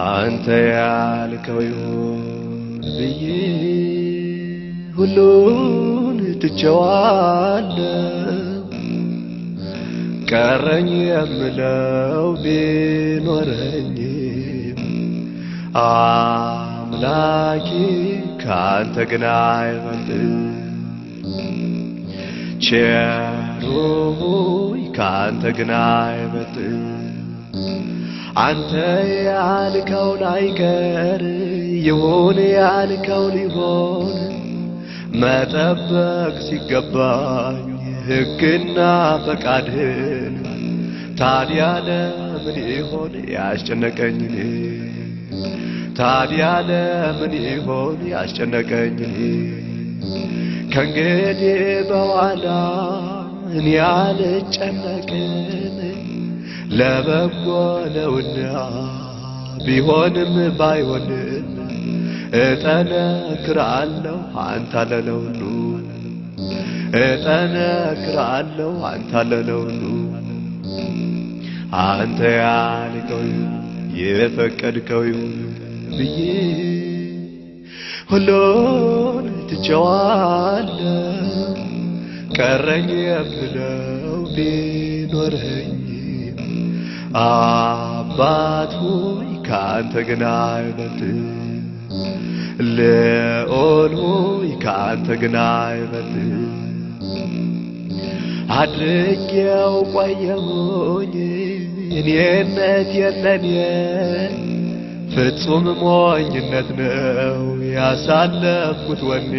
አንተ ያልከው ይሁን ብዬ ሁሉን ትቼዋለሁ። ቀረኝ የምለው ቢኖረኝ አምላኪ ከአንተ ግን አይበልጥም። ቸሩ ሆይ ከአንተ ግን አይበልጥም። አንተ ያልከው አይቀር ይሁን ያልከው ሊሆን መጠበቅ ሲገባኝ ሕግና ፈቃድህን ታዲያ ለምን ይሆን ያስጨነቀኝ? ታዲያ ለምን ይሆን ያስጨነቀኝ? ከእንግዲህ በኋላ እኔ አልጨነቅም ለበጎ ነውና ቢሆንም ባይሆንም እጠነክራለሁ አንተ ለለውኑ እጠነክራለሁ አንተ ለለውኑ አንተ ያልከው የፈቀድከው ብዬ ሁሉን ትቼዋለሁ ቀረኝ የምለው ቢኖረኝ አባት ሆይ ካንተ ግን አይበልጥ ልዑል ሆይ ካንተ ግን አይበልጥ አድርጌው ቆየሁኝ እኔነት የለኔ ፍጹም ሞኝነት ነው ያሳለፍኩት ወኔ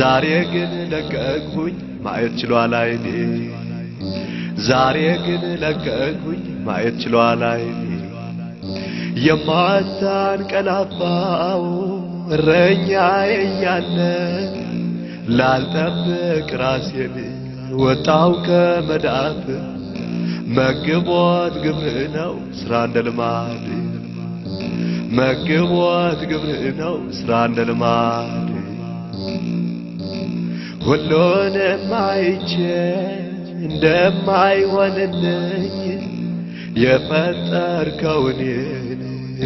ዛሬ ግን ለቀቅሁኝ ማየት ችሏል ዓይኔ ዛሬ ግን ለቀቁኝ ማየት ችሏል አይኔ ቀላፋው እረኛዬ እያለ ላልጠብቅ ራሴን ወጣው ከመዳፍ መግቦት ግብር ነው ስራ እንደ ልማድ መግቦት ግብር ነው ስራ እንደ ልማድ ሁሉንም አይቼ እንደማይሆንልኝ የፈጠርከውን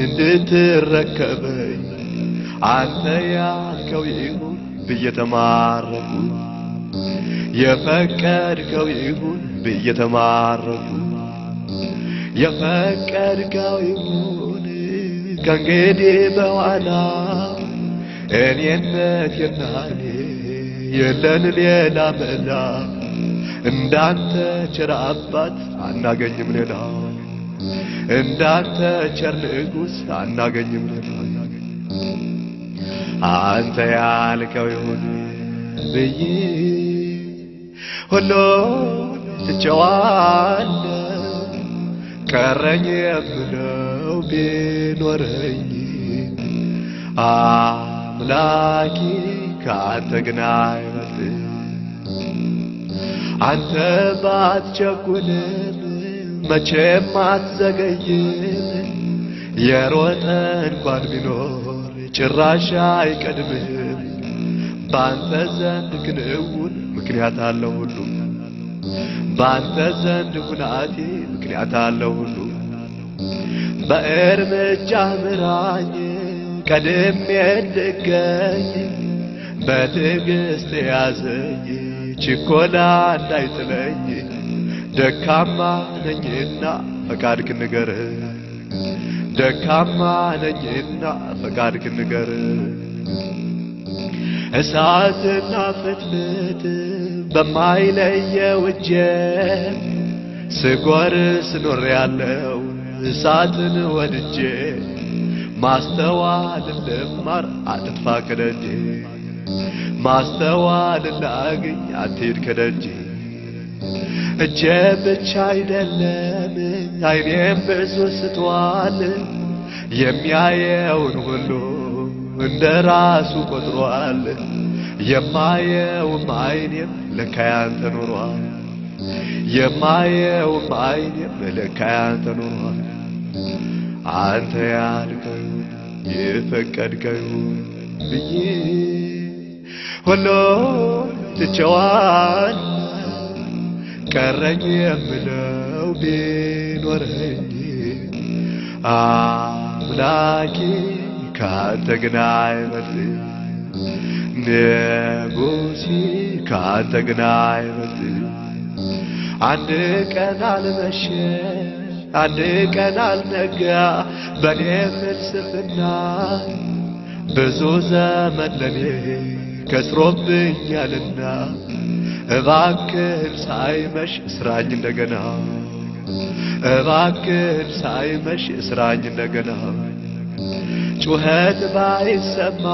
እንድትረከበኝ አንተ ያልከው ይሁን ብዬ ተማረኩ። የፈቀድከው ይሁን ብዬ ተማረኩ። የፈቀድከው ይሁን ከእንግዲህ በኋላ እኔነት የናኔ የለን ሌላ መላ እንዳንተ ቸር አባት አናገኝም ሌላ እንዳንተ ቸር ንጉሥ አናገኝም ሌላ አንተ ያልከው ይሁን ብዬ ሁሉን ትቼዋለሁ ቀረኝ የምለው ቢኖረኝ አምላኪ ከአንተ ግን አንተ ባትቸኩልም መቼም አትዘገይም። የሮጠ እንኳን ቢኖር ጭራሽ አይቀድምህም። ባንተ ዘንድ ክንውን ምክንያት አለው ሁሉ በአንተ ዘንድ ሁናቴ ምክንያት አለው ሁሉ በእርምጃ ምራኝ ቀድሜ እንድገኝ በትዕግሥት ያዘኝ ችኮላ እንዳይጥለኝ ደካማ ነኝና ፈቃድክ ንገር ደካማ ነኝና ፈቃድክ ንገር እሳትና ፍትፍት በማይለየው እጄ ስጎር ስኖር ያለው እሳትን ወድጄ ማስተዋል ልማር አጥፋ ክደዴ ማስተዋል ላግኝ አትሄድ ከደጅ እጄ ብቻ አይደለም አይኔም ብዙ ስቷል የሚያየውን ሁሉ እንደ ራሱ ቆጥሯል። የማየውም አይኔም ለካ ያንተ ኑሯል። የማየውም አይኔም ለካ ኑሯል። አንተ ያልከውን የፈቀድከውን ብዬ ሁሉ ትቼዋል ቀረኝ የምለው ቢኖረኝ አምላኬ ካንተ ግና አይበልጥም ንጉሴ ካንተ ግና አይበልጥም አንድ ቀን አልመሸ አንድ ቀን አልነጋ በእኔ ፍልስፍና ብዙ ዘመን ለኔ ከስሮብኛልና እባክህን ሳይመሽ እስራኝ እንደገና እባክህን ሳይመሽ እስራኝ እንደገና ጩኸት ባይሰማ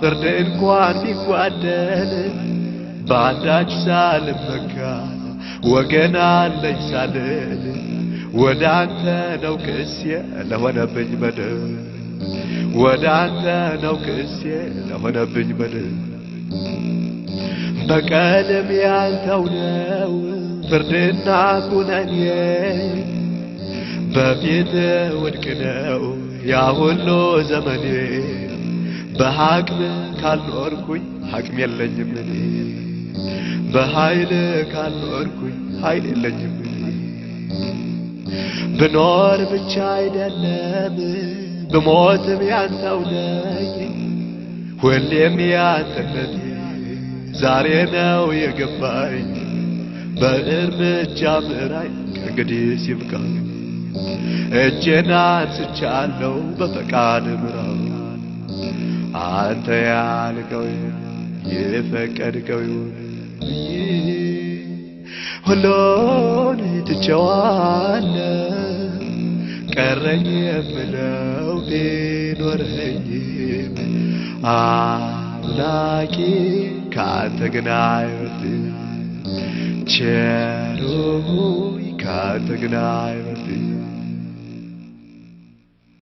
ፍርድ እንኳን ቢጓደል በአንዳች ሳልመካ ወገን አለኝ ሳልል ወደ አንተ ነው ክስየ ለሆነብኝ በደል ወዳንተ ነው ክሴ ለሆነብኝ በል በቀልም ያንተው ነው ፍርድና ኩነኔ በፊት ውድቅ ነው ያ ሁሉ ዘመኔ በሐቅም ካልኖርኩኝ ሐቅም የለኝም እኔ በኃይል ካልኖርኩኝ ኃይል የለኝም እኔ ብኖር ብቻ አይደለም ብሞትም ያንተው ላይ ሁሌም ያንተነቴ ዛሬ ነው የገባኝ በእርምጃ ምራይ ከእንግዲህ ሲብቃ እጄን አንስቻለሁ በፈቃድ ምራው አንተ ያልከው የፈቀድከው ይሁን ሁሉን ትቼዋለሁ ቀረኝ የምለው ቢኖርኸኝም አምላኪ ከአንተ ግን አይወርድም ቸሩ ከአንተ ግን አይወርድም